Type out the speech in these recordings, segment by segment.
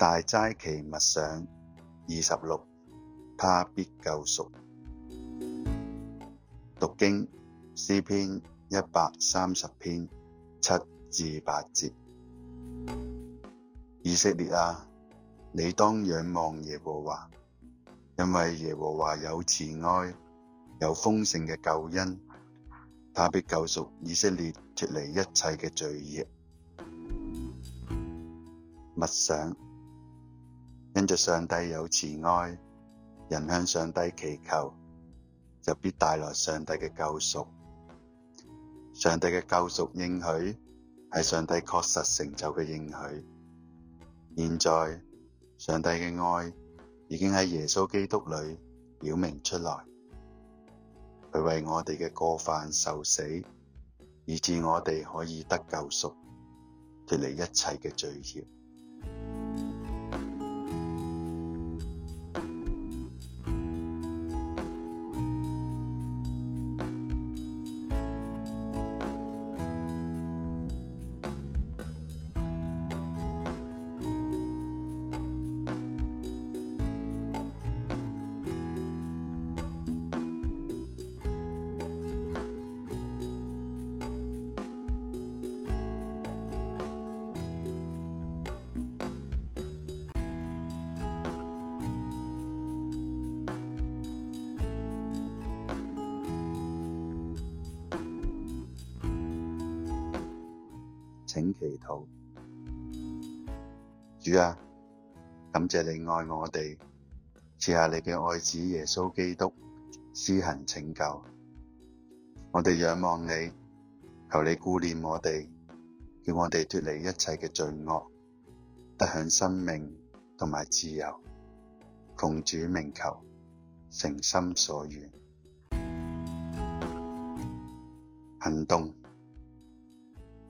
大齋期默想二十六，他必救贖。讀經詩篇一百三十篇七至八節，以色列啊，你當仰望耶和華，因為耶和華有慈愛，有豐盛嘅救恩，他必救贖以色列脫離一切嘅罪孽。默想。因着上帝有慈愛，人向上帝祈求，就必帶來上帝嘅救贖。上帝嘅救贖應許，係上帝確實成就嘅應許。現在，上帝嘅愛已經喺耶穌基督裏表明出來，佢為我哋嘅過犯受死，以致我哋可以得救贖，脫離一切嘅罪孽。請祈禱，主啊，感謝你愛我哋，賜下你嘅愛子耶穌基督施行拯救。我哋仰望你，求你顧念我哋，叫我哋脱離一切嘅罪惡，得享生命同埋自由。奉主名求，誠心所願，行動。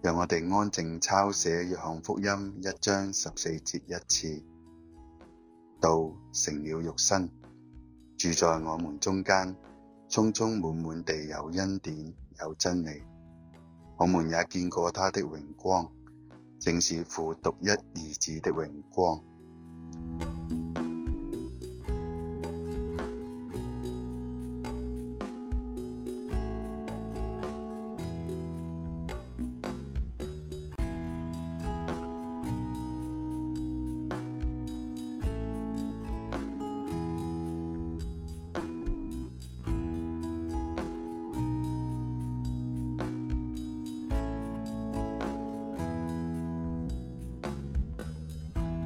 讓我哋安靜抄寫約翰福音一章十四節一次。道成了肉身，住在我們中間，充充滿滿地有恩典，有真理。我們也見過他的榮光，正是父獨一兒子的榮光。